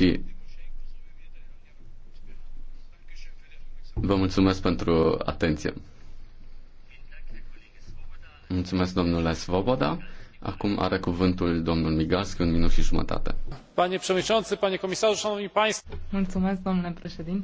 și vă mulțumesc pentru atenție. Mulțumesc, domnule Svoboda. Acum are cuvântul domnul Migalski, un minut și jumătate. Panie președinte, panie comisar, șanovni państwo. Mulțumesc, domnule președinte.